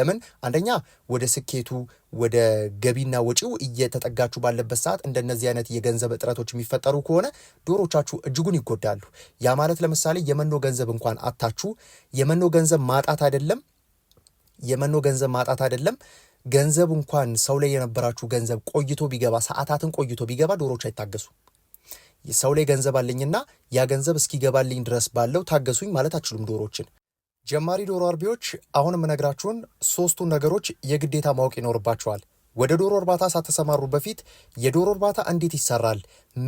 ለምን አንደኛ ወደ ስኬቱ ወደ ገቢና ወጪው እየተጠጋችሁ ባለበት ሰዓት እንደነዚህ አይነት የገንዘብ እጥረቶች የሚፈጠሩ ከሆነ ዶሮቻችሁ እጅጉን ይጎዳሉ። ያ ማለት ለምሳሌ የመኖ ገንዘብ እንኳን አታችሁ የመኖ ገንዘብ ማጣት አይደለም የመኖ ገንዘብ ማጣት አይደለም ገንዘብ እንኳን ሰው ላይ የነበራችሁ ገንዘብ ቆይቶ ቢገባ ሰዓታትን ቆይቶ ቢገባ ዶሮች አይታገሱ። ሰው ላይ ገንዘብ አለኝና ያ ገንዘብ እስኪገባልኝ ድረስ ባለው ታገሱኝ ማለት አችሉም ዶሮችን ጀማሪ ዶሮ አርቢዎች አሁን የምነግራችሁን ሶስቱን ነገሮች የግዴታ ማወቅ ይኖርባቸዋል ወደ ዶሮ እርባታ ሳትሰማሩ በፊት የዶሮ እርባታ እንዴት ይሰራል፣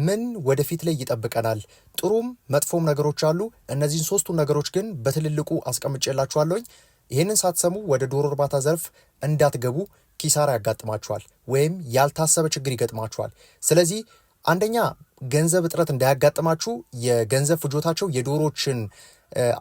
ምን ወደፊት ላይ ይጠብቀናል፣ ጥሩም መጥፎም ነገሮች አሉ። እነዚህን ሶስቱን ነገሮች ግን በትልልቁ አስቀምጬላችኋለሁኝ። ይህንን ሳትሰሙ ወደ ዶሮ እርባታ ዘርፍ እንዳትገቡ፣ ኪሳራ ያጋጥማችኋል ወይም ያልታሰበ ችግር ይገጥማችኋል። ስለዚህ አንደኛ ገንዘብ እጥረት እንዳያጋጥማችሁ የገንዘብ ፍጆታቸው የዶሮችን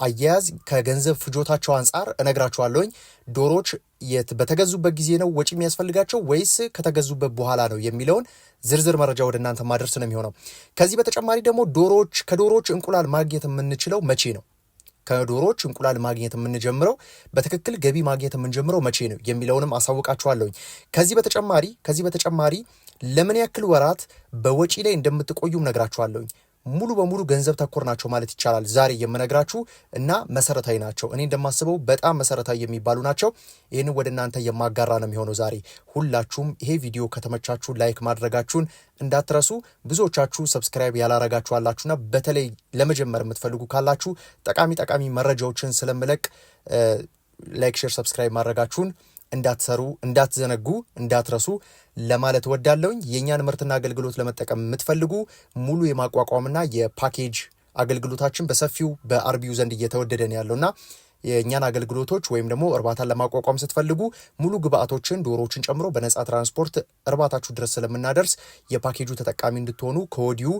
አያያዝ ከገንዘብ ፍጆታቸው አንጻር እነግራችኋለሁኝ። ዶሮዎች የት በተገዙበት ጊዜ ነው ወጪ የሚያስፈልጋቸው ወይስ ከተገዙበት በኋላ ነው የሚለውን ዝርዝር መረጃ ወደ እናንተ ማድረስ ነው የሚሆነው። ከዚህ በተጨማሪ ደግሞ ዶሮዎች ከዶሮች እንቁላል ማግኘት የምንችለው መቼ ነው? ከዶሮዎች እንቁላል ማግኘት የምንጀምረው በትክክል ገቢ ማግኘት የምንጀምረው መቼ ነው የሚለውንም አሳውቃችኋለሁኝ። ከዚህ በተጨማሪ ከዚህ በተጨማሪ ለምን ያክል ወራት በወጪ ላይ እንደምትቆዩም ነግራችኋለሁኝ። ሙሉ በሙሉ ገንዘብ ተኮር ናቸው ማለት ይቻላል ዛሬ የምነግራችሁ እና መሰረታዊ ናቸው። እኔ እንደማስበው በጣም መሰረታዊ የሚባሉ ናቸው። ይህንን ወደ እናንተ የማጋራ ነው የሚሆነው ዛሬ። ሁላችሁም ይሄ ቪዲዮ ከተመቻችሁ ላይክ ማድረጋችሁን እንዳትረሱ። ብዙዎቻችሁ ሰብስክራይብ ያላረጋችሁ አላችሁና በተለይ ለመጀመር የምትፈልጉ ካላችሁ ጠቃሚ ጠቃሚ መረጃዎችን ስለምለቅ ላይክ፣ ሼር፣ ሰብስክራይብ ማድረጋችሁን እንዳትሰሩ፣ እንዳትዘነጉ፣ እንዳትረሱ ለማለት ወዳለውኝ። የእኛን ምርትና አገልግሎት ለመጠቀም የምትፈልጉ ሙሉ የማቋቋምና የፓኬጅ አገልግሎታችን በሰፊው በአርቢው ዘንድ እየተወደደ ነው ያለውና የእኛን አገልግሎቶች ወይም ደግሞ እርባታን ለማቋቋም ስትፈልጉ ሙሉ ግብአቶችን ዶሮዎችን ጨምሮ በነፃ ትራንስፖርት እርባታችሁ ድረስ ስለምናደርስ የፓኬጁ ተጠቃሚ እንድትሆኑ ከወዲሁ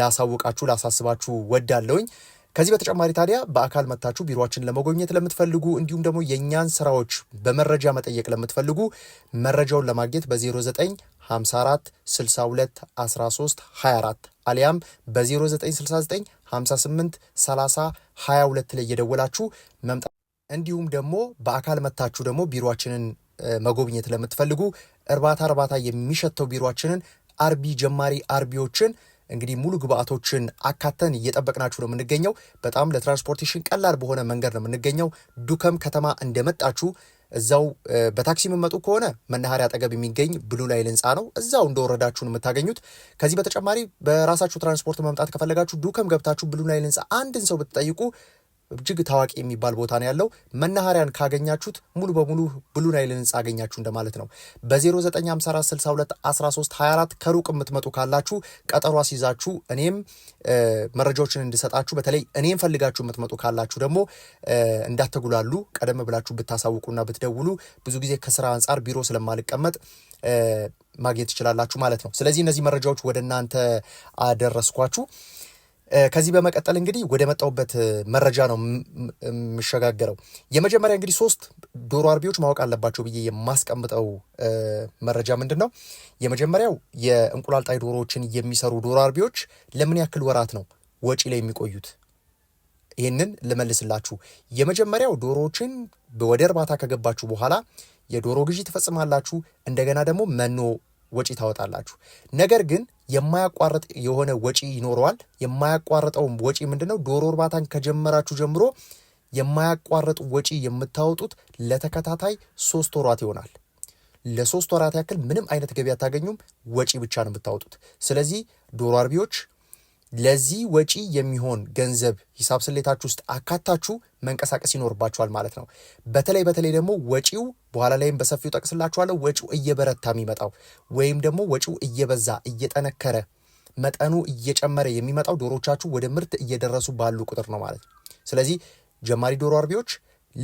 ላሳውቃችሁ ላሳስባችሁ ወዳለውኝ። ከዚህ በተጨማሪ ታዲያ በአካል መታችሁ ቢሮችን ለመጎብኘት ለምትፈልጉ እንዲሁም ደግሞ የእኛን ስራዎች በመረጃ መጠየቅ ለምትፈልጉ መረጃውን ለማግኘት በ0954 62 13 24 አሊያም በ0969 58 30 22 ላይ እየደወላችሁ መምጣት እንዲሁም ደግሞ በአካል መታችሁ ደግሞ ቢሮችንን መጎብኘት ለምትፈልጉ እርባታ እርባታ የሚሸተው ቢሮችንን አርቢ ጀማሪ አርቢዎችን እንግዲህ ሙሉ ግብአቶችን አካተን እየጠበቅናችሁ ነው የምንገኘው። በጣም ለትራንስፖርቴሽን ቀላል በሆነ መንገድ ነው የምንገኘው። ዱከም ከተማ እንደመጣችሁ እዛው በታክሲ የምመጡ ከሆነ መናኸሪያ አጠገብ የሚገኝ ብሉ ላይ ህንፃ ነው። እዛው እንደወረዳችሁን የምታገኙት። ከዚህ በተጨማሪ በራሳችሁ ትራንስፖርት መምጣት ከፈለጋችሁ ዱከም ገብታችሁ ብሉ ናይል ህንፃ አንድን ሰው ብትጠይቁ እጅግ ታዋቂ የሚባል ቦታ ነው ያለው። መናኸሪያን ካገኛችሁት ሙሉ በሙሉ ብሉ ናይልን ህንፃ አገኛችሁ እንደማለት ነው። 24 ከሩቅ የምትመጡ ካላችሁ ቀጠሮ አስይዛችሁ እኔም መረጃዎችን እንድሰጣችሁ፣ በተለይ እኔም ፈልጋችሁ የምትመጡ ካላችሁ ደግሞ እንዳትጉላሉ ቀደም ብላችሁ ብታሳውቁና ብትደውሉ ብዙ ጊዜ ከስራ አንጻር ቢሮ ስለማልቀመጥ ማግኘት ትችላላችሁ ማለት ነው። ስለዚህ እነዚህ መረጃዎች ወደ እናንተ አደረስኳችሁ። ከዚህ በመቀጠል እንግዲህ ወደ መጣሁበት መረጃ ነው የምሸጋገረው። የመጀመሪያ እንግዲህ ሶስት ዶሮ አርቢዎች ማወቅ አለባቸው ብዬ የማስቀምጠው መረጃ ምንድን ነው? የመጀመሪያው የእንቁላል ጣይ ዶሮዎችን የሚሰሩ ዶሮ አርቢዎች ለምን ያክል ወራት ነው ወጪ ላይ የሚቆዩት? ይህንን ልመልስላችሁ። የመጀመሪያው ዶሮዎችን ወደ እርባታ ከገባችሁ በኋላ የዶሮ ግዢ ትፈጽማላችሁ። እንደገና ደግሞ መኖ ወጪ ታወጣላችሁ። ነገር ግን የማያቋርጥ የሆነ ወጪ ይኖረዋል። የማያቋርጠውም ወጪ ምንድን ነው? ዶሮ እርባታን ከጀመራችሁ ጀምሮ የማያቋርጥ ወጪ የምታወጡት ለተከታታይ ሶስት ወራት ይሆናል። ለሶስት ወራት ያክል ምንም አይነት ገቢ አታገኙም። ወጪ ብቻ ነው የምታወጡት። ስለዚህ ዶሮ አርቢዎች ለዚህ ወጪ የሚሆን ገንዘብ ሂሳብ ስሌታችሁ ውስጥ አካታችሁ መንቀሳቀስ ይኖርባችኋል ማለት ነው። በተለይ በተለይ ደግሞ ወጪው በኋላ ላይም በሰፊው ጠቅስላችኋለሁ። ወጪው እየበረታ የሚመጣው ወይም ደግሞ ወጪው እየበዛ እየጠነከረ መጠኑ እየጨመረ የሚመጣው ዶሮቻችሁ ወደ ምርት እየደረሱ ባሉ ቁጥር ነው ማለት ነው። ስለዚህ ጀማሪ ዶሮ አርቢዎች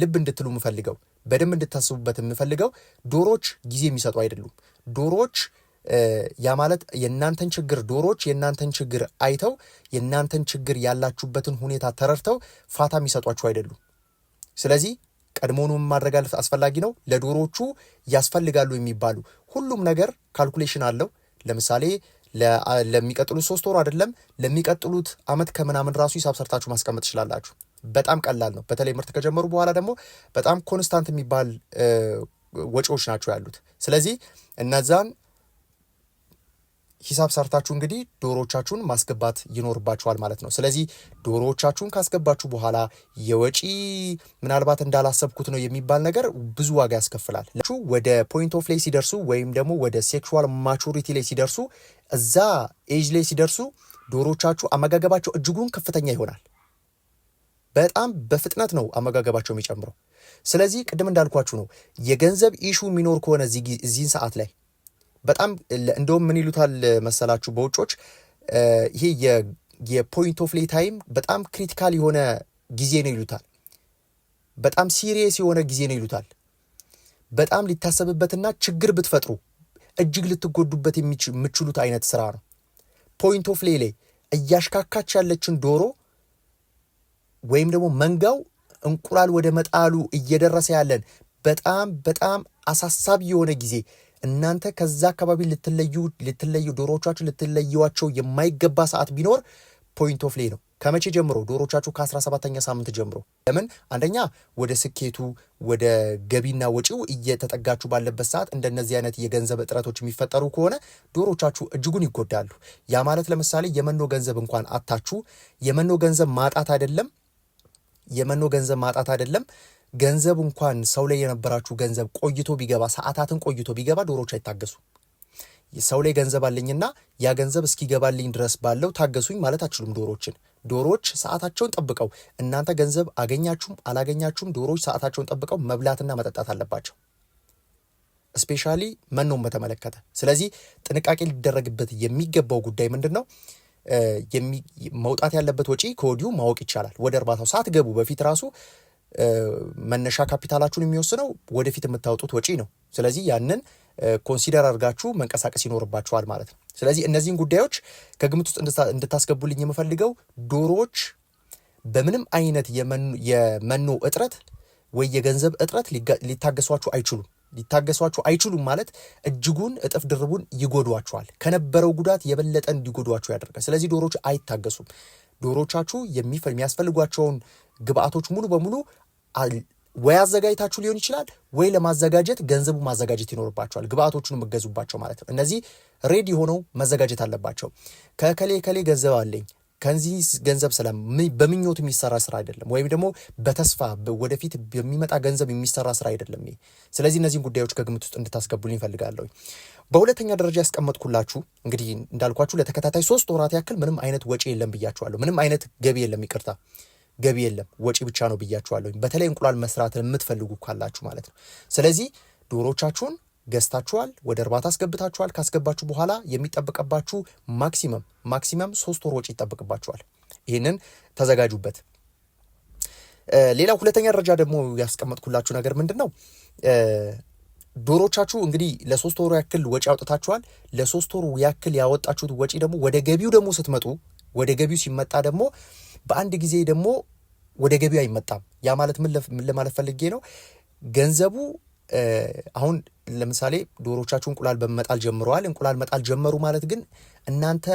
ልብ እንድትሉ የምፈልገው በደንብ እንድታስቡበት የምፈልገው ዶሮዎች ጊዜ የሚሰጡ አይደሉም። ዶሮዎች ያ ማለት የእናንተን ችግር ዶሮዎች የእናንተን ችግር አይተው የእናንተን ችግር ያላችሁበትን ሁኔታ ተረድተው ፋታ የሚሰጧችሁ አይደሉም። ስለዚህ ቀድሞኑ ማድረግ አስፈላጊ ነው። ለዶሮዎቹ ያስፈልጋሉ የሚባሉ ሁሉም ነገር ካልኩሌሽን አለው። ለምሳሌ ለሚቀጥሉት ሶስት ወሩ አይደለም ለሚቀጥሉት አመት ከምናምን ራሱ ሂሳብ ሰርታችሁ ማስቀመጥ ትችላላችሁ። በጣም ቀላል ነው። በተለይ ምርት ከጀመሩ በኋላ ደግሞ በጣም ኮንስታንት የሚባል ወጪዎች ናቸው ያሉት። ስለዚህ እነዛን ሂሳብ ሰርታችሁ እንግዲህ ዶሮዎቻችሁን ማስገባት ይኖርባችኋል ማለት ነው። ስለዚህ ዶሮዎቻችሁን ካስገባችሁ በኋላ የወጪ ምናልባት እንዳላሰብኩት ነው የሚባል ነገር ብዙ ዋጋ ያስከፍላል። ወደ ፖይንት ኦፍ ላይ ሲደርሱ ወይም ደግሞ ወደ ሴክሹዋል ማቹሪቲ ላይ ሲደርሱ፣ እዛ ኤጅ ላይ ሲደርሱ ዶሮዎቻችሁ አመጋገባቸው እጅጉን ከፍተኛ ይሆናል። በጣም በፍጥነት ነው አመጋገባቸው የሚጨምረው። ስለዚህ ቅድም እንዳልኳችሁ ነው የገንዘብ ኢሹ የሚኖር ከሆነ እዚህን ሰዓት ላይ በጣም እንደውም ምን ይሉታል መሰላችሁ በውጮች ይሄ የፖይንት ኦፍ ሌይ ታይም በጣም ክሪቲካል የሆነ ጊዜ ነው ይሉታል። በጣም ሲሪየስ የሆነ ጊዜ ነው ይሉታል። በጣም ሊታሰብበትና ችግር ብትፈጥሩ እጅግ ልትጎዱበት የምችሉት አይነት ስራ ነው። ፖይንት ኦፍ ሌይ ላይ እያሽካካች ያለችን ዶሮ ወይም ደግሞ መንጋው እንቁላል ወደ መጣሉ እየደረሰ ያለን በጣም በጣም አሳሳቢ የሆነ ጊዜ እናንተ ከዛ አካባቢ ልትለዩ ልትለዩ ዶሮቻችሁ ልትለዩዋቸው የማይገባ ሰዓት ቢኖር ፖይንት ኦፍ ሌይ ነው። ከመቼ ጀምሮ? ዶሮቻችሁ ከ17ኛ ሳምንት ጀምሮ። ለምን? አንደኛ ወደ ስኬቱ ወደ ገቢና ወጪው እየተጠጋችሁ ባለበት ሰዓት እንደነዚህ አይነት የገንዘብ እጥረቶች የሚፈጠሩ ከሆነ ዶሮቻችሁ እጅጉን ይጎዳሉ። ያ ማለት ለምሳሌ የመኖ ገንዘብ እንኳን አታችሁ። የመኖ ገንዘብ ማጣት አይደለም የመኖ ገንዘብ ማጣት አይደለም ገንዘብ እንኳን ሰው ላይ የነበራችሁ ገንዘብ ቆይቶ ቢገባ ሰዓታትን ቆይቶ ቢገባ ዶሮች አይታገሱ። ሰው ላይ ገንዘብ አለኝና ያ ገንዘብ እስኪገባልኝ ድረስ ባለው ታገሱኝ ማለት አችሉም ዶሮችን ዶሮች ሰዓታቸውን ጠብቀው እናንተ ገንዘብ አገኛችሁም አላገኛችሁም ዶሮች ሰዓታቸውን ጠብቀው መብላትና መጠጣት አለባቸው። እስፔሻሊ መኖም በተመለከተ። ስለዚህ ጥንቃቄ ሊደረግበት የሚገባው ጉዳይ ምንድን ነው? መውጣት ያለበት ወጪ ከወዲሁ ማወቅ ይቻላል። ወደ እርባታው ሳትገቡ በፊት ራሱ መነሻ ካፒታላችሁን የሚወስነው ወደፊት የምታወጡት ወጪ ነው። ስለዚህ ያንን ኮንሲደር አድርጋችሁ መንቀሳቀስ ይኖርባችኋል ማለት ነው። ስለዚህ እነዚህን ጉዳዮች ከግምት ውስጥ እንድታስገቡልኝ የምፈልገው ዶሮዎች በምንም አይነት የመኖ እጥረት ወይ የገንዘብ እጥረት ሊታገሷችሁ አይችሉም። ሊታገሷችሁ አይችሉም ማለት እጅጉን እጥፍ ድርቡን ይጎዷችኋል። ከነበረው ጉዳት የበለጠ እንዲጎዷችሁ ያደርጋል። ስለዚህ ዶሮዎች አይታገሱም። ዶሮቻችሁ የሚያስፈልጓቸውን ግብአቶች ሙሉ በሙሉ ወይ አዘጋጅታችሁ ሊሆን ይችላል፣ ወይ ለማዘጋጀት ገንዘቡ ማዘጋጀት ይኖርባቸዋል። ግብአቶቹን የምገዙባቸው ማለት ነው። እነዚህ ሬዲ ሆነው መዘጋጀት አለባቸው። ከከሌ ከሌ ገንዘብ አለኝ ከዚህ ገንዘብ ሰላም በምኞት የሚሰራ ስራ አይደለም፣ ወይም ደግሞ በተስፋ ወደፊት በሚመጣ ገንዘብ የሚሰራ ስራ አይደለም። ስለዚህ እነዚህን ጉዳዮች ከግምት ውስጥ እንድታስገቡልኝ ይፈልጋለሁ። በሁለተኛ ደረጃ ያስቀመጥኩላችሁ እንግዲህ እንዳልኳችሁ ለተከታታይ ሶስት ወራት ያክል ምንም አይነት ወጪ የለም ብያችኋለሁ። ምንም አይነት ገቢ የለም ይቅርታ ገቢ የለም፣ ወጪ ብቻ ነው ብያችኋለሁኝ። በተለይ እንቁላል መስራትን የምትፈልጉ ካላችሁ ማለት ነው። ስለዚህ ዶሮቻችሁን ገዝታችኋል፣ ወደ እርባታ አስገብታችኋል። ካስገባችሁ በኋላ የሚጠበቅባችሁ ማክሲመም ማክሲመም ሶስት ወር ወጪ ይጠበቅባችኋል። ይህንን ተዘጋጁበት። ሌላ ሁለተኛ ደረጃ ደግሞ ያስቀመጥኩላችሁ ነገር ምንድን ነው? ዶሮቻችሁ እንግዲህ ለሶስት ወሩ ያክል ወጪ አውጥታችኋል። ለሶስት ወሩ ያክል ያወጣችሁት ወጪ ደግሞ ወደ ገቢው ደግሞ ስትመጡ ወደ ገቢው ሲመጣ ደግሞ በአንድ ጊዜ ደግሞ ወደ ገቢው አይመጣም። ያ ማለት ምን ለማለት ፈልጌ ነው? ገንዘቡ አሁን ለምሳሌ ዶሮቻችሁ እንቁላል በመጣል ጀምረዋል። እንቁላል መጣል ጀመሩ ማለት ግን እናንተ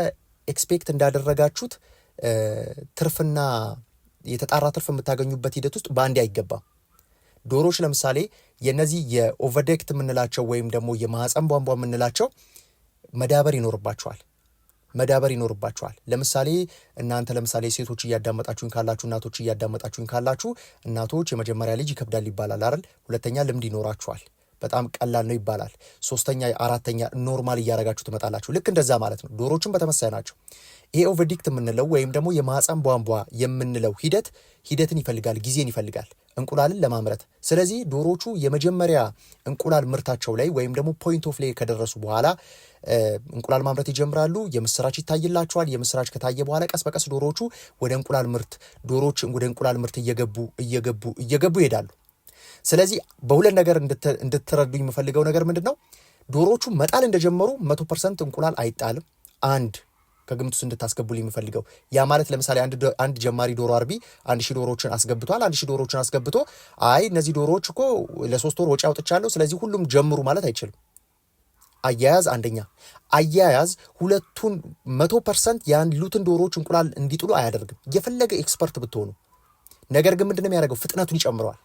ኤክስፔክት እንዳደረጋችሁት ትርፍና የተጣራ ትርፍ የምታገኙበት ሂደት ውስጥ በአንዴ አይገባም። ዶሮች ለምሳሌ የነዚህ የኦቨርዴክት የምንላቸው ወይም ደግሞ የማህፀን ቧንቧ የምንላቸው መዳበር ይኖርባቸዋል። መዳበር ይኖርባቸዋል ለምሳሌ እናንተ ለምሳሌ ሴቶች እያዳመጣችሁኝ ካላችሁ እናቶች እያዳመጣችሁኝ ካላችሁ እናቶች የመጀመሪያ ልጅ ይከብዳል ይባላል አይደል? ሁለተኛ ልምድ ይኖራችኋል በጣም ቀላል ነው ይባላል። ሶስተኛ፣ አራተኛ ኖርማል እያደረጋችሁ ትመጣላችሁ። ልክ እንደዛ ማለት ነው። ዶሮችም በተመሳይ ናቸው። ይሄ ኦቨርዲክት የምንለው ወይም ደግሞ የማህፀን ቧንቧ የምንለው ሂደት ሂደትን ይፈልጋል፣ ጊዜን ይፈልጋል። እንቁላልን ለማምረት። ስለዚህ ዶሮቹ የመጀመሪያ እንቁላል ምርታቸው ላይ ወይም ደግሞ ፖይንት ኦፍ ላይ ከደረሱ በኋላ እንቁላል ማምረት ይጀምራሉ። የምስራች ይታይላቸዋል። የምስራች ከታየ በኋላ ቀስ በቀስ ዶሮቹ ወደ እንቁላል ምርት ዶሮች ወደ እንቁላል ምርት እየገቡ እየገቡ እየገቡ ይሄዳሉ። ስለዚህ በሁለት ነገር እንድትረዱኝ የምፈልገው ነገር ምንድን ነው? ዶሮቹ መጣል እንደጀመሩ መቶ ፐርሰንት እንቁላል አይጣልም። አንድ ከግምት ውስጥ እንድታስገቡልኝ የምፈልገው ያ ማለት ለምሳሌ አንድ ጀማሪ ዶሮ አርቢ አንድ ሺህ ዶሮዎችን አስገብቷል። አንድ ሺህ ዶሮዎችን አስገብቶ አይ እነዚህ ዶሮዎች እኮ ለሶስት ወር ወጪ አውጥቻለሁ፣ ስለዚህ ሁሉም ጀምሩ ማለት አይችልም። አያያዝ አንደኛ፣ አያያዝ ሁለቱን መቶ ፐርሰንት ያሉትን ዶሮዎች እንቁላል እንዲጥሉ አያደርግም፣ የፈለገ ኤክስፐርት ብትሆኑ። ነገር ግን ምንድን ነው የሚያደርገው? ፍጥነቱን ይጨምረዋል።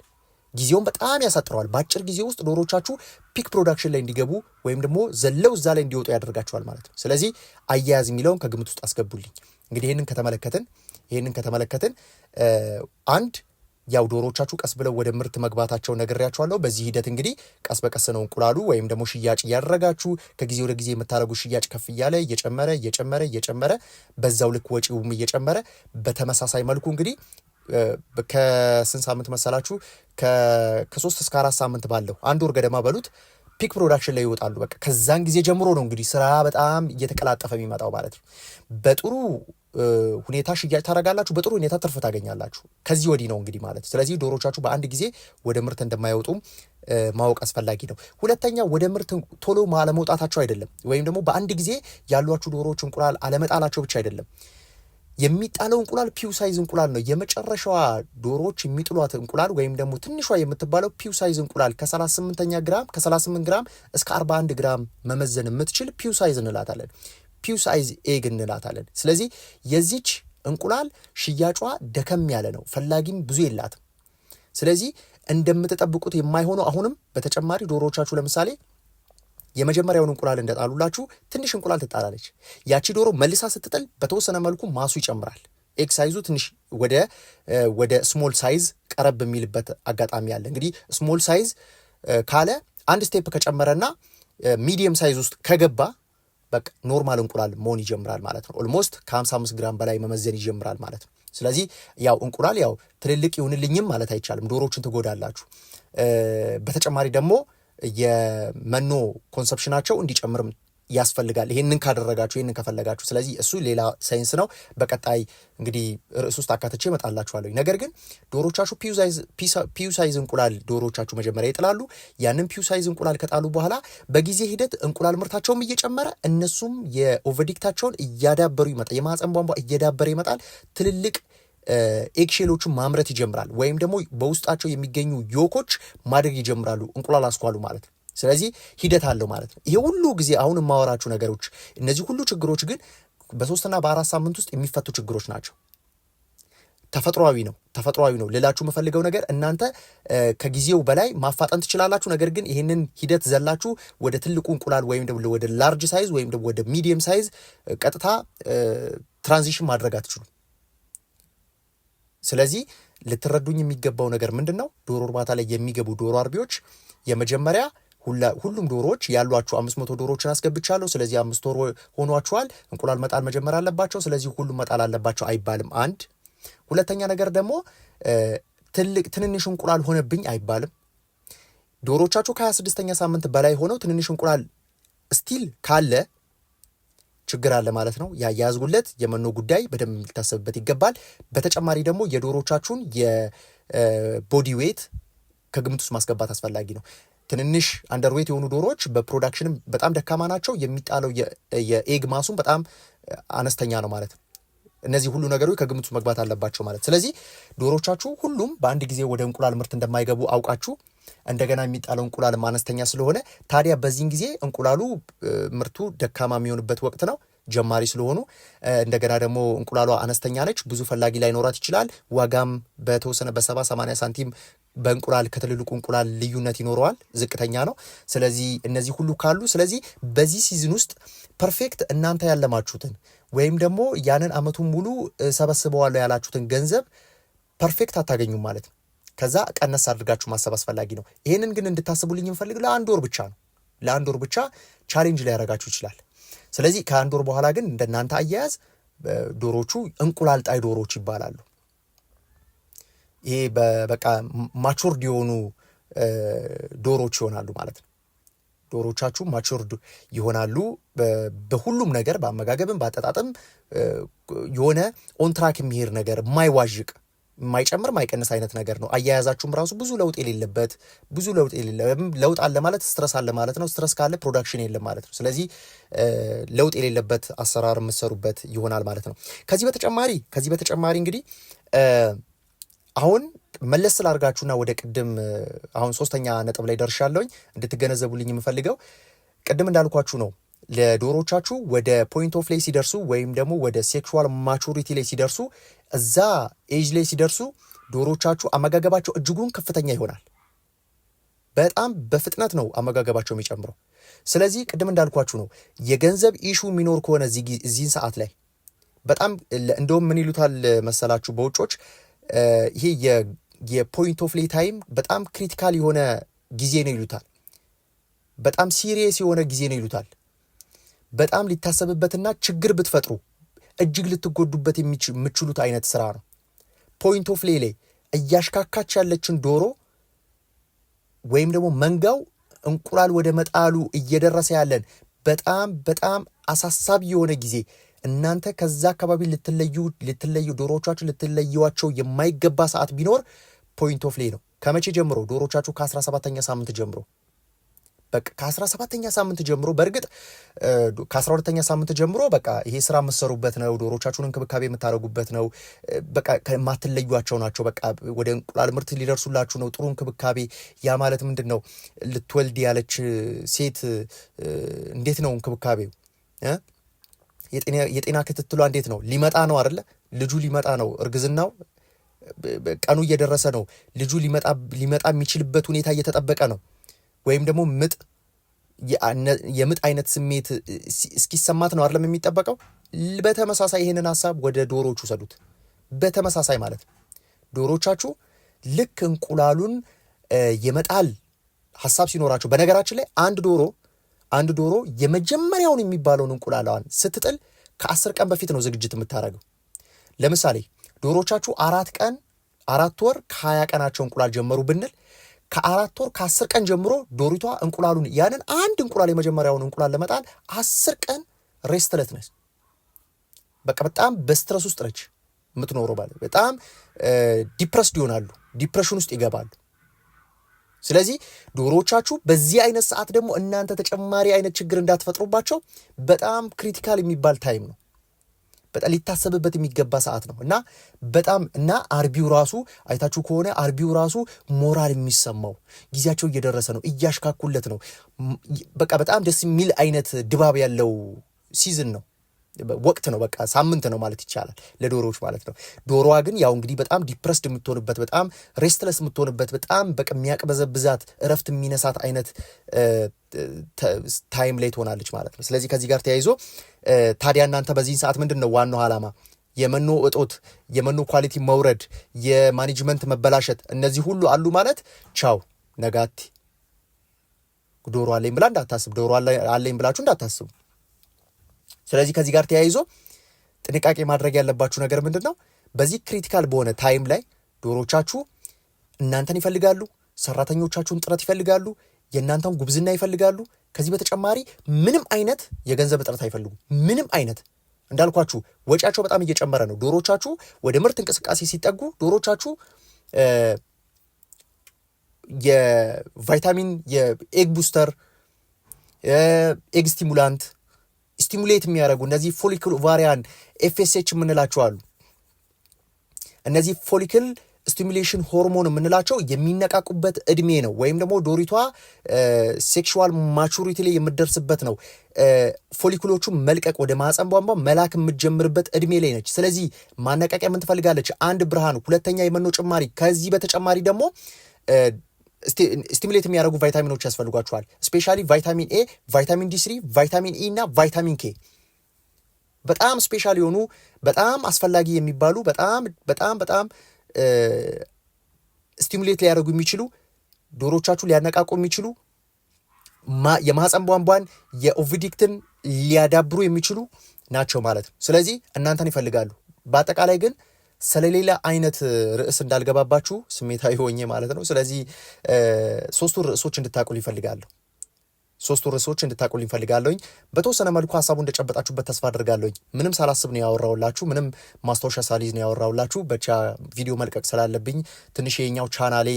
ጊዜውን በጣም ያሳጥረዋል። በአጭር ጊዜ ውስጥ ዶሮቻችሁ ፒክ ፕሮዳክሽን ላይ እንዲገቡ ወይም ደግሞ ዘለው እዛ ላይ እንዲወጡ ያደርጋቸዋል ማለት ነው። ስለዚህ አያያዝ የሚለውን ከግምት ውስጥ አስገቡልኝ። እንግዲህ ይህንን ከተመለከትን ይህንን ከተመለከትን አንድ ያው ዶሮቻችሁ ቀስ ብለው ወደ ምርት መግባታቸው ነግሬያችኋለሁ። በዚህ ሂደት እንግዲህ ቀስ በቀስ ነው እንቁላሉ ወይም ደግሞ ሽያጭ እያደረጋችሁ ከጊዜ ወደ ጊዜ የምታደርጉ ሽያጭ ከፍ እያለ እየጨመረ እየጨመረ እየጨመረ በዛው ልክ ወጪውም እየጨመረ በተመሳሳይ መልኩ እንግዲህ ከስንት ሳምንት መሰላችሁ? ከሶስት እስከ አራት ሳምንት ባለው አንድ ወር ገደማ በሉት ፒክ ፕሮዳክሽን ላይ ይወጣሉ። በቃ ከዛን ጊዜ ጀምሮ ነው እንግዲህ ስራ በጣም እየተቀላጠፈ የሚመጣው ማለት ነው። በጥሩ ሁኔታ ሽያጭ ታደርጋላችሁ፣ በጥሩ ሁኔታ ትርፍ ታገኛላችሁ። ከዚህ ወዲህ ነው እንግዲህ ማለት ስለዚህ ዶሮቻችሁ በአንድ ጊዜ ወደ ምርት እንደማይወጡም ማወቅ አስፈላጊ ነው። ሁለተኛ ወደ ምርት ቶሎ አለመውጣታቸው አይደለም፣ ወይም ደግሞ በአንድ ጊዜ ያሏችሁ ዶሮዎች እንቁላል አለመጣላቸው ብቻ አይደለም የሚጣለው እንቁላል ፒው ሳይዝ እንቁላል ነው። የመጨረሻዋ ዶሮዎች የሚጥሏት እንቁላል ወይም ደግሞ ትንሿ የምትባለው ፒው ሳይዝ እንቁላል ከ38ኛ ግራም ከ38 ግራም እስከ 41 ግራም መመዘን የምትችል ፒው ሳይዝ እንላታለን። ፒው ሳይዝ ኤግ እንላታለን። ስለዚህ የዚች እንቁላል ሽያጯ ደከም ያለ ነው። ፈላጊም ብዙ የላትም። ስለዚህ እንደምትጠብቁት የማይሆኑ አሁንም በተጨማሪ ዶሮዎቻችሁ ለምሳሌ የመጀመሪያውን እንቁላል እንደጣሉላችሁ ትንሽ እንቁላል ትጣላለች። ያቺ ዶሮ መልሳ ስትጥል በተወሰነ መልኩ ማሱ ይጨምራል። ኤግ ሳይዙ ትንሽ ወደ ወደ ስሞል ሳይዝ ቀረብ የሚልበት አጋጣሚ አለ። እንግዲህ ስሞል ሳይዝ ካለ አንድ ስቴፕ ከጨመረና ሚዲየም ሳይዝ ውስጥ ከገባ በቃ ኖርማል እንቁላል መሆን ይጀምራል ማለት ነው። ኦልሞስት ከ55 ግራም በላይ መመዘን ይጀምራል ማለት ነው። ስለዚህ ያው እንቁላል ያው ትልልቅ ይሁንልኝም ማለት አይቻልም፣ ዶሮዎችን ትጎዳላችሁ። በተጨማሪ ደግሞ የመኖ ኮንሰፕሽናቸው እንዲጨምርም ያስፈልጋል። ይህንን ካደረጋችሁ ይህንን ከፈለጋችሁ፣ ስለዚህ እሱ ሌላ ሳይንስ ነው። በቀጣይ እንግዲህ ርዕስ ውስጥ አካትቼ እመጣላችኋለሁ። ነገር ግን ዶሮቻችሁ ፒዩሳይዝ እንቁላል ዶሮቻችሁ መጀመሪያ ይጥላሉ። ያንን ፒዩሳይዝ እንቁላል ከጣሉ በኋላ በጊዜ ሂደት እንቁላል ምርታቸውም እየጨመረ እነሱም የኦቨዲክታቸውን እያዳበሩ ይመጣል። የማህፀን ቧንቧ እየዳበረ ይመጣል። ትልልቅ ኤክሼሎቹን ማምረት ይጀምራል፣ ወይም ደግሞ በውስጣቸው የሚገኙ ዮኮች ማድረግ ይጀምራሉ። እንቁላል አስኳሉ ማለት ነው። ስለዚህ ሂደት አለው ማለት ነው። ይሄ ሁሉ ጊዜ አሁን የማወራችሁ ነገሮች እነዚህ ሁሉ ችግሮች ግን በሶስትና በአራት ሳምንት ውስጥ የሚፈቱ ችግሮች ናቸው። ተፈጥሯዊ ነው። ተፈጥሯዊ ነው ልላችሁ የምፈልገው ነገር እናንተ ከጊዜው በላይ ማፋጠን ትችላላችሁ። ነገር ግን ይህንን ሂደት ዘላችሁ ወደ ትልቁ እንቁላል ወይም ደግሞ ወደ ላርጅ ሳይዝ ወይም ደግሞ ወደ ሚዲየም ሳይዝ ቀጥታ ትራንዚሽን ማድረግ አትችሉም። ስለዚህ ልትረዱኝ የሚገባው ነገር ምንድን ነው? ዶሮ እርባታ ላይ የሚገቡ ዶሮ አርቢዎች የመጀመሪያ ሁሉም ዶሮዎች ያሏችሁ አምስት መቶ ዶሮዎችን አስገብቻለሁ። ስለዚህ አምስት ዶሮ ሆኗችኋል፣ እንቁላል መጣል መጀመር አለባቸው። ስለዚህ ሁሉም መጣል አለባቸው አይባልም። አንድ ሁለተኛ ነገር ደግሞ ትልቅ ትንንሽ እንቁላል ሆነብኝ አይባልም። ዶሮቻችሁ ከሀያ ስድስተኛ ሳምንት በላይ ሆነው ትንንሽ እንቁላል ስቲል ካለ ችግር አለ ማለት ነው። ያያዝጉለት የመኖ ጉዳይ በደንብ ሊታሰብበት ይገባል። በተጨማሪ ደግሞ የዶሮቻችሁን የቦዲ ዌት ከግምት ውስጥ ማስገባት አስፈላጊ ነው። ትንንሽ አንደርዌት የሆኑ ዶሮዎች በፕሮዳክሽንም በጣም ደካማ ናቸው። የሚጣለው የኤግ ማሱም በጣም አነስተኛ ነው ማለት ነው። እነዚህ ሁሉ ነገሮች ከግምት ውስጥ መግባት አለባቸው ማለት ስለዚህ ዶሮቻችሁ ሁሉም በአንድ ጊዜ ወደ እንቁላል ምርት እንደማይገቡ አውቃችሁ እንደገና የሚጣለው እንቁላል አነስተኛ ስለሆነ ታዲያ በዚህን ጊዜ እንቁላሉ ምርቱ ደካማ የሚሆንበት ወቅት ነው። ጀማሪ ስለሆኑ እንደገና ደግሞ እንቁላሏ አነስተኛ ነች፣ ብዙ ፈላጊ ላይኖራት ይችላል። ዋጋም በተወሰነ በሰባ ሰማንያ ሳንቲም በእንቁላል ከትልልቁ እንቁላል ልዩነት ይኖረዋል፣ ዝቅተኛ ነው። ስለዚህ እነዚህ ሁሉ ካሉ ስለዚህ በዚህ ሲዝን ውስጥ ፐርፌክት እናንተ ያለማችሁትን ወይም ደግሞ ያንን አመቱን ሙሉ ሰበስበዋለሁ ያላችሁትን ገንዘብ ፐርፌክት አታገኙም ማለት ነው። ከዛ ቀነስ አድርጋችሁ ማሰብ አስፈላጊ ነው። ይህንን ግን እንድታስቡልኝ የምፈልግ ለአንድ ወር ብቻ ነው። ለአንድ ወር ብቻ ቻሌንጅ ሊያደርጋችሁ ይችላል። ስለዚህ ከአንድ ወር በኋላ ግን እንደናንተ አያያዝ ዶሮቹ እንቁላል ጣይ ዶሮዎች ይባላሉ። ይሄ በቃ ማቾርድ የሆኑ ዶሮዎች ይሆናሉ ማለት ነው። ዶሮቻችሁ ማቾርድ ይሆናሉ በሁሉም ነገር፣ በአመጋገብም፣ በአጠጣጥም የሆነ ኦንትራክ የሚሄድ ነገር የማይዋዥቅ የማይጨምር ማይቀንስ አይነት ነገር ነው። አያያዛችሁም ራሱ ብዙ ለውጥ የሌለበት ብዙ ለውጥ የሌለ ለውጥ አለ ማለት ስትረስ አለ ማለት ነው። ስትረስ ካለ ፕሮዳክሽን የለም ማለት ነው። ስለዚህ ለውጥ የሌለበት አሰራር የምትሰሩበት ይሆናል ማለት ነው። ከዚህ በተጨማሪ ከዚህ በተጨማሪ እንግዲህ አሁን መለስ ስላርጋችሁና ወደ ቅድም አሁን ሶስተኛ ነጥብ ላይ ደርሻለሁኝ እንድትገነዘቡልኝ የምፈልገው ቅድም እንዳልኳችሁ ነው ለዶሮቻችሁ ወደ ፖይንት ኦፍ ላይ ሲደርሱ ወይም ደግሞ ወደ ሴክሹዋል ማቹሪቲ ላይ ሲደርሱ እዛ ኤጅ ላይ ሲደርሱ ዶሮቻችሁ አመጋገባቸው እጅጉን ከፍተኛ ይሆናል። በጣም በፍጥነት ነው አመጋገባቸው የሚጨምረው። ስለዚህ ቅድም እንዳልኳችሁ ነው የገንዘብ ኢሹ የሚኖር ከሆነ እዚህን ሰዓት ላይ በጣም እንደውም ምን ይሉታል መሰላችሁ በውጮች ይሄ የፖይንት ኦፍ ሌይ ታይም በጣም ክሪቲካል የሆነ ጊዜ ነው ይሉታል። በጣም ሲሪየስ የሆነ ጊዜ ነው ይሉታል። በጣም ሊታሰብበትና ችግር ብትፈጥሩ እጅግ ልትጎዱበት የምችሉት አይነት ስራ ነው። ፖይንት ኦፍ ሌሌ ላይ እያሽካካች ያለችን ዶሮ ወይም ደግሞ መንጋው እንቁላል ወደ መጣሉ እየደረሰ ያለን በጣም በጣም አሳሳቢ የሆነ ጊዜ እናንተ ከዛ አካባቢ ልትለዩ ልትለዩ ዶሮዎቻችሁ ልትለዩዋቸው የማይገባ ሰዓት ቢኖር ፖይንት ኦፍ ሌይ ነው። ከመቼ ጀምሮ? ዶሮቻችሁ ከ17ኛ ሳምንት ጀምሮ በቃ ከ 17 ሳምንት ጀምሮ በእርግጥ ከ 12 ተኛ ሳምንት ጀምሮ በቃ ይሄ ስራ የምትሰሩበት ነው። ዶሮቻችሁን እንክብካቤ የምታደርጉበት ነው። በቃ ከማትለዩቸው ናቸው። በቃ ወደ እንቁላል ምርት ሊደርሱላችሁ ነው። ጥሩ እንክብካቤ። ያ ማለት ምንድን ነው? ልትወልድ ያለች ሴት እንዴት ነው እንክብካቤው? የጤና ክትትሏ እንዴት ነው? ሊመጣ ነው አይደለ? ልጁ ሊመጣ ነው። እርግዝናው ቀኑ እየደረሰ ነው። ልጁ ሊመጣ የሚችልበት ሁኔታ እየተጠበቀ ነው። ወይም ደግሞ ምጥ የምጥ አይነት ስሜት እስኪሰማት ነው አይደለም የሚጠበቀው። በተመሳሳይ ይህንን ሀሳብ ወደ ዶሮቹ ሰዱት በተመሳሳይ ማለት ነው ዶሮቻችሁ ልክ እንቁላሉን የመጣል ሀሳብ ሲኖራቸው፣ በነገራችን ላይ አንድ ዶሮ አንድ ዶሮ የመጀመሪያውን የሚባለውን እንቁላሏን ስትጥል ከአስር ቀን በፊት ነው ዝግጅት የምታደርገው። ለምሳሌ ዶሮቻችሁ አራት ቀን አራት ወር ከሀያ ቀናቸው እንቁላል ጀመሩ ብንል ከአራት ወር ከአስር ቀን ጀምሮ ዶሪቷ እንቁላሉን ያንን አንድ እንቁላል የመጀመሪያውን እንቁላል ለመጣል አስር ቀን ሬስትለት ነች። በቃ በጣም በስትረስ ውስጥ ነች የምትኖረው። ባለ በጣም ዲፕረስድ ይሆናሉ፣ ዲፕሬሽን ውስጥ ይገባሉ። ስለዚህ ዶሮዎቻችሁ በዚህ አይነት ሰዓት ደግሞ እናንተ ተጨማሪ አይነት ችግር እንዳትፈጥሩባቸው በጣም ክሪቲካል የሚባል ታይም ነው። በጣም ሊታሰብበት የሚገባ ሰዓት ነው እና በጣም እና አርቢው ራሱ አይታችሁ ከሆነ አርቢው ራሱ ሞራል የሚሰማው ጊዜያቸው እየደረሰ ነው፣ እያሽካኩለት ነው። በቃ በጣም ደስ የሚል አይነት ድባብ ያለው ሲዝን ነው ወቅት ነው። በቃ ሳምንት ነው ማለት ይቻላል ለዶሮዎች ማለት ነው። ዶሮዋ ግን ያው እንግዲህ በጣም ዲፕረስድ የምትሆንበት በጣም ሬስትለስ የምትሆንበት በጣም በቃ የሚያቅበዘብዛት እረፍት የሚነሳት አይነት ታይም ላይ ትሆናለች ማለት ነው። ስለዚህ ከዚህ ጋር ተያይዞ ታዲያ እናንተ በዚህን ሰዓት ምንድን ነው ዋናው ዓላማ? የመኖ እጦት፣ የመኖ ኳሊቲ መውረድ፣ የማኔጅመንት መበላሸት እነዚህ ሁሉ አሉ ማለት ቻው ነጋቲ ዶሮ አለኝ ብላ እንዳታስብ ዶሮ አለኝ ብላችሁ እንዳታስቡ ስለዚህ ከዚህ ጋር ተያይዞ ጥንቃቄ ማድረግ ያለባችሁ ነገር ምንድን ነው? በዚህ ክሪቲካል በሆነ ታይም ላይ ዶሮቻችሁ እናንተን ይፈልጋሉ፣ ሰራተኞቻችሁን ጥረት ይፈልጋሉ፣ የእናንተን ጉብዝና ይፈልጋሉ። ከዚህ በተጨማሪ ምንም አይነት የገንዘብ እጥረት አይፈልጉም። ምንም አይነት እንዳልኳችሁ ወጪያቸው በጣም እየጨመረ ነው። ዶሮቻችሁ ወደ ምርት እንቅስቃሴ ሲጠጉ ዶሮቻችሁ የቫይታሚን የኤግ ቡስተር ኤግ ስቲሙላንት ስቲሙሌት የሚያደርጉ እነዚህ ፎሊክል ኦቫሪያን ኤፍኤስኤች የምንላቸው አሉ። እነዚህ ፎሊክል ስቲሙሌሽን ሆርሞን የምንላቸው የሚነቃቁበት እድሜ ነው፣ ወይም ደግሞ ዶሪቷ ሴክሽዋል ማቹሪቲ ላይ የምደርስበት ነው። ፎሊክሎቹ መልቀቅ ወደ ማህፀን ቧንቧ መላክ የምትጀምርበት እድሜ ላይ ነች። ስለዚህ ማነቃቂያ ምን ትፈልጋለች? አንድ ብርሃን፣ ሁለተኛ የመኖ ጭማሪ። ከዚህ በተጨማሪ ደግሞ ስቲሙሌት የሚያደርጉ ቫይታሚኖች ያስፈልጓቸዋል። ስፔሻሊ ቫይታሚን ኤ፣ ቫይታሚን ዲ ስሪ፣ ቫይታሚን ኢ እና ቫይታሚን ኬ በጣም ስፔሻል የሆኑ በጣም አስፈላጊ የሚባሉ በጣም በጣም በጣም ስቲሙሌት ሊያደርጉ የሚችሉ ዶሮቻችሁ ሊያነቃቁ የሚችሉ የማህፀን ቧንቧን የኦቪዲክትን ሊያዳብሩ የሚችሉ ናቸው ማለት ነው። ስለዚህ እናንተን ይፈልጋሉ። በአጠቃላይ ግን ስለሌላ አይነት ርዕስ እንዳልገባባችሁ ስሜታዊ ሆኜ ማለት ነው። ስለዚህ ሶስቱ ርዕሶች እንድታቁል ይፈልጋለሁ። ሶስቱ ርዕሶች እንድታቁል ይፈልጋለሁኝ። በተወሰነ መልኩ ሀሳቡ እንደጨበጣችሁበት ተስፋ አድርጋለሁኝ። ምንም ሳላስብ ነው ያወራውላችሁ። ምንም ማስታወሻ ሳሊዝ ነው ያወራውላችሁ። በቻ ቪዲዮ መልቀቅ ስላለብኝ ትንሽ የኛው ቻናሌ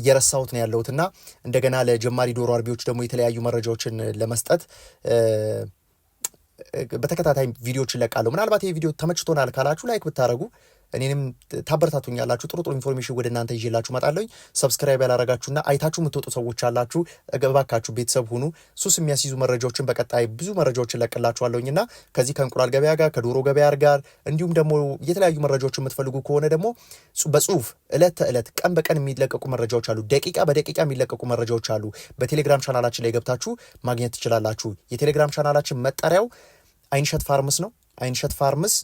እየረሳሁት ነው ያለሁትና እንደገና ለጀማሪ ዶሮ አርቢዎች ደግሞ የተለያዩ መረጃዎችን ለመስጠት በተከታታይ ቪዲዮዎችን ለቃለሁ። ምናልባት ይህ ቪዲዮ ተመችቶናል ካላችሁ ላይክ ብታደረጉ እኔንም ያላችሁ ጥሩ ጥሩ ኢንፎርሜሽን ወደ እናንተ ይዤላችሁ መጣለኝ። ሰብስክራይብ ያላረጋችሁና አይታችሁ የምትወጡ ሰዎች አላችሁ፣ እባካችሁ ቤተሰብ ሁኑ። ሱስ የሚያስይዙ መረጃዎችን በቀጣይ ብዙ መረጃዎችን ለቅላችኋለሁኝና ከዚህ ከእንቁላል ገበያ ጋር ከዶሮ ገበያ ጋር እንዲሁም ደግሞ የተለያዩ መረጃዎችን የምትፈልጉ ከሆነ ደግሞ በጽሁፍ እለት ተእለት ቀን በቀን የሚለቀቁ መረጃዎች አሉ። ደቂቃ በደቂቃ የሚለቀቁ መረጃዎች አሉ። በቴሌግራም ቻናላችን ላይ ገብታችሁ ማግኘት ትችላላችሁ። የቴሌግራም ቻናላችን መጠሪያው አይንሸት ፋርምስ ነው። አይንሸት ፋርምስ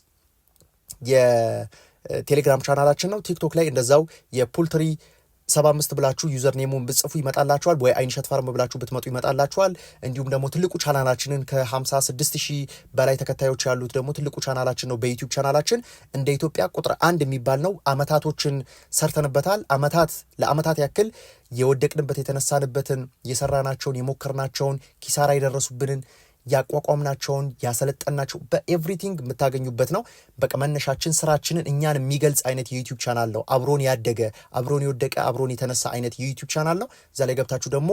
ቴሌግራም ቻናላችን ነው። ቲክቶክ ላይ እንደዛው የፑልትሪ ሰባ አምስት ብላችሁ ዩዘር ኔሙን ብጽፉ ይመጣላችኋል። ወይ አይንሸት ፋርም ብላችሁ ብትመጡ ይመጣላችኋል። እንዲሁም ደግሞ ትልቁ ቻናላችንን ከ56 ሺህ በላይ ተከታዮች ያሉት ደግሞ ትልቁ ቻናላችን ነው። በዩቲዩብ ቻናላችን እንደ ኢትዮጵያ ቁጥር አንድ የሚባል ነው። አመታቶችን ሰርተንበታል። አመታት ለአመታት ያክል የወደቅንበት የተነሳንበትን የሰራናቸውን የሞከርናቸውን ኪሳራ የደረሱብንን ያቋቋምናቸውን ያሰለጠናቸው በኤቭሪቲንግ የምታገኙበት ነው። በቃ መነሻችን ስራችንን እኛን የሚገልጽ አይነት የዩቲዩብ ቻናል ነው። አብሮን ያደገ አብሮን የወደቀ አብሮን የተነሳ አይነት የዩቲዩብ ቻናል ነው። እዛ ላይ ገብታችሁ ደግሞ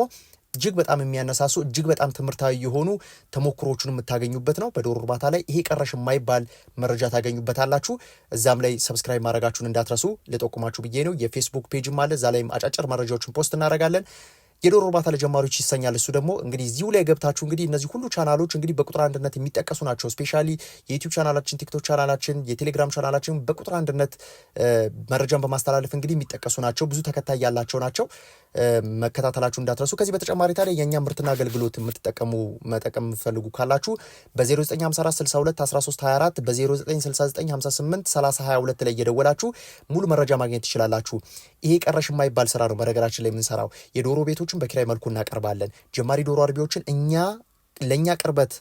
እጅግ በጣም የሚያነሳሱ እጅግ በጣም ትምህርታዊ የሆኑ ተሞክሮቹን የምታገኙበት ነው። በዶሮ እርባታ ላይ ይሄ ቀረሽ የማይባል መረጃ ታገኙበታላችሁ። እዛም ላይ ሰብስክራይብ ማድረጋችሁን እንዳትረሱ ልጠቁማችሁ ብዬ ነው። የፌስቡክ ፔጅም አለ። እዛ ላይም አጫጭር መረጃዎችን ፖስት እናደርጋለን። የዶሮ እርባታ ለጀማሪዎች ይሰኛል። እሱ ደግሞ እንግዲህ እዚሁ ላይ ገብታችሁ እንግዲህ እነዚህ ሁሉ ቻናሎች እንግዲህ በቁጥር አንድነት የሚጠቀሱ ናቸው። ስፔሻሊ የዩቲዩብ ቻናላችን፣ ቲክቶክ ቻናላችን፣ የቴሌግራም ቻናላችን በቁጥር አንድነት መረጃን በማስተላለፍ እንግዲህ የሚጠቀሱ ናቸው። ብዙ ተከታይ ያላቸው ናቸው። መከታተላችሁ እንዳትረሱ። ከዚህ በተጨማሪ ታዲያ የእኛ ምርትና አገልግሎት የምትጠቀሙ መጠቀም የምትፈልጉ ካላችሁ በ0954621324 በ0969583022 ላይ እየደወላችሁ ሙሉ መረጃ ማግኘት ትችላላችሁ። ይሄ ቀረሽ የማይባል ስራ ነው በነገራችን ላይ የምንሰራው የዶሮ ቤቶች አርቢዎችን በኪራይ መልኩ እናቀርባለን። ጀማሪ ዶሮ አርቢዎችን እኛ ለእኛ ቅርበት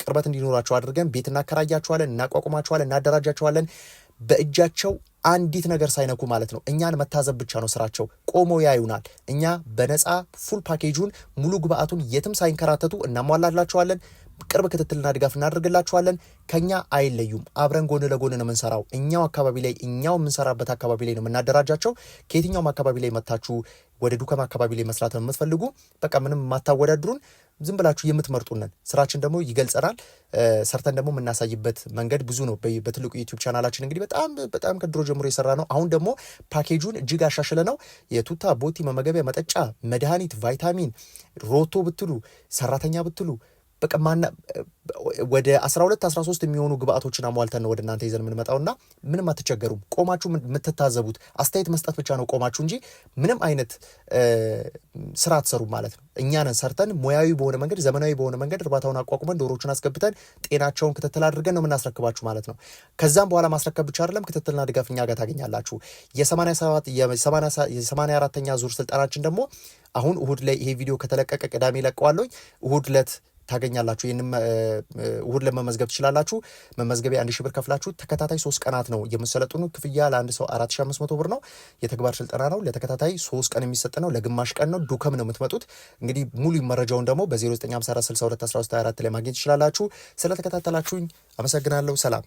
ቅርበት እንዲኖራቸው አድርገን ቤት እናከራያቸዋለን፣ እናቋቁማቸዋለን፣ እናደራጃቸዋለን። በእጃቸው አንዲት ነገር ሳይነኩ ማለት ነው። እኛን መታዘብ ብቻ ነው ስራቸው። ቆመው ያዩናል። እኛ በነፃ ፉል ፓኬጁን ሙሉ ግብአቱን የትም ሳይንከራተቱ እናሟላላቸዋለን። ቅርብ ክትትልና ድጋፍ እናደርግላቸዋለን። ከኛ አይለዩም። አብረን ጎን ለጎን ነው የምንሰራው። እኛው አካባቢ ላይ እኛው የምንሰራበት አካባቢ ላይ ነው የምናደራጃቸው። ከየትኛውም አካባቢ ላይ መታችሁ ወደ ዱከም አካባቢ ላይ መስራት ነው የምትፈልጉ፣ በቃ ምንም የማታወዳድሩን ዝም ብላችሁ የምትመርጡንን ስራችን ደግሞ ይገልጸናል። ሰርተን ደግሞ የምናሳይበት መንገድ ብዙ ነው። በትልቁ ዩቲዩብ ቻናላችን እንግዲህ በጣም በጣም ከድሮ ጀምሮ የሰራ ነው። አሁን ደግሞ ፓኬጁን እጅግ አሻሽለ ነው የቱታ ቦቲ መመገቢያ፣ መጠጫ፣ መድኃኒት፣ ቫይታሚን፣ ሮቶ ብትሉ ሰራተኛ ብትሉ በቃ ማና ወደ 12 13 የሚሆኑ ግብአቶችን አሟልተን ነው ወደ እናንተ ይዘን የምንመጣውና ምንም አትቸገሩም። ቆማችሁ የምትታዘቡት አስተያየት መስጠት ብቻ ነው ቆማችሁ እንጂ ምንም አይነት ስራ አትሰሩም ማለት ነው። እኛንን ሰርተን ሙያዊ በሆነ መንገድ ዘመናዊ በሆነ መንገድ እርባታውን አቋቁመን ዶሮዎቹን አስገብተን ጤናቸውን ክትትል አድርገን ነው የምናስረክባችሁ ማለት ነው። ከዛም በኋላ ማስረከብ ብቻ አይደለም፣ ክትትልና ድጋፍ እኛ ጋር ታገኛላችሁ። የሰማንያ አራተኛ ዙር ስልጠናችን ደግሞ አሁን እሁድ ላይ ይሄ ቪዲዮ ከተለቀቀ ቅዳሜ ለቀዋለኝ እሁድ ለት ታገኛላችሁ። ይህንም እሁድ ለመመዝገብ ትችላላችሁ። መመዝገቢያ አንድ ሺ ብር ከፍላችሁ ተከታታይ ሶስት ቀናት ነው የምሰለጥኑ። ክፍያ ለአንድ ሰው አራት ሺ አምስት መቶ ብር ነው። የተግባር ስልጠና ነው። ለተከታታይ ሶስት ቀን የሚሰጥ ነው። ለግማሽ ቀን ነው። ዱከም ነው የምትመጡት። እንግዲህ ሙሉ መረጃውን ደግሞ በ0954 62 12 ላይ ማግኘት ትችላላችሁ። ስለተከታተላችሁኝ አመሰግናለሁ። ሰላም